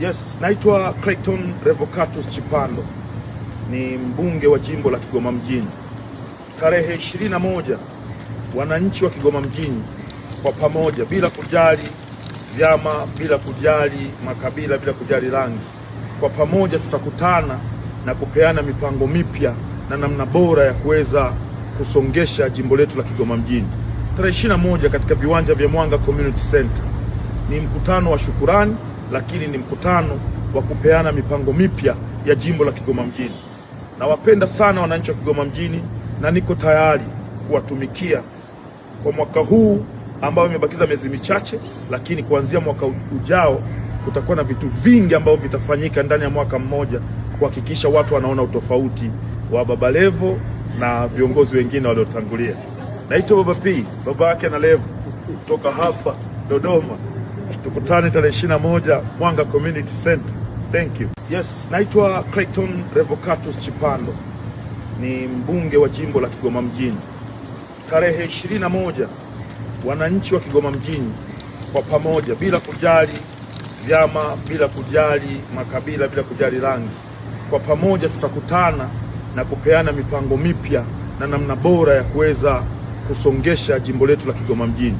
Yes, naitwa Clayton Revocatus Chipando ni mbunge wa jimbo la Kigoma mjini. Tarehe 21 wananchi wa Kigoma mjini kwa pamoja, bila kujali vyama, bila kujali makabila, bila kujali rangi, kwa pamoja tutakutana na kupeana mipango mipya na namna bora ya kuweza kusongesha jimbo letu la Kigoma mjini. Tarehe 21 katika viwanja vya Mwanga Community Center ni mkutano wa shukurani lakini ni mkutano wa kupeana mipango mipya ya jimbo la Kigoma mjini. Nawapenda sana wananchi wa Kigoma mjini na niko tayari kuwatumikia kwa mwaka huu ambao imebakiza miezi michache, lakini kuanzia mwaka ujao kutakuwa na vitu vingi ambavyo vitafanyika ndani ya mwaka mmoja kuhakikisha watu wanaona utofauti wa Baba Levo na viongozi wengine waliotangulia. Naitwa Baba P, baba yake na Levo, kutoka hapa Dodoma tukutane tarehe 21 Mwanga Community Center. Thank you. Yes, naitwa Clayton Revocatus Chipando ni mbunge wa jimbo la Kigoma mjini. Tarehe 21 wananchi wa Kigoma mjini kwa pamoja, bila kujali vyama, bila kujali makabila, bila kujali rangi, kwa pamoja tutakutana na kupeana mipango mipya na namna bora ya kuweza kusongesha jimbo letu la Kigoma mjini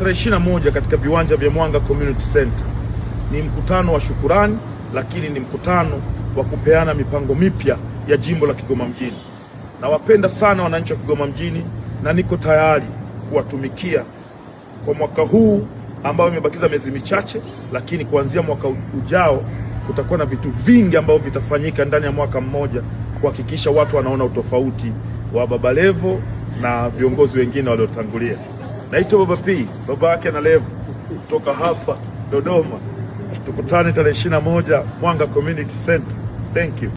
tarehe 21 katika viwanja vya Mwanga Community Center. Ni mkutano wa shukurani, lakini ni mkutano wa kupeana mipango mipya ya jimbo la Kigoma mjini. Nawapenda sana wananchi wa Kigoma mjini na niko tayari kuwatumikia kwa mwaka huu ambao imebakiza miezi michache, lakini kuanzia mwaka ujao kutakuwa na vitu vingi ambavyo vitafanyika ndani ya mwaka mmoja kuhakikisha watu wanaona utofauti wa Baba Levo na viongozi wengine waliotangulia. Naitwa Baba P, baba yake na Levu, kutoka hapa Dodoma. Tukutane tarehe 21 Mwanga Community Center. Thank you.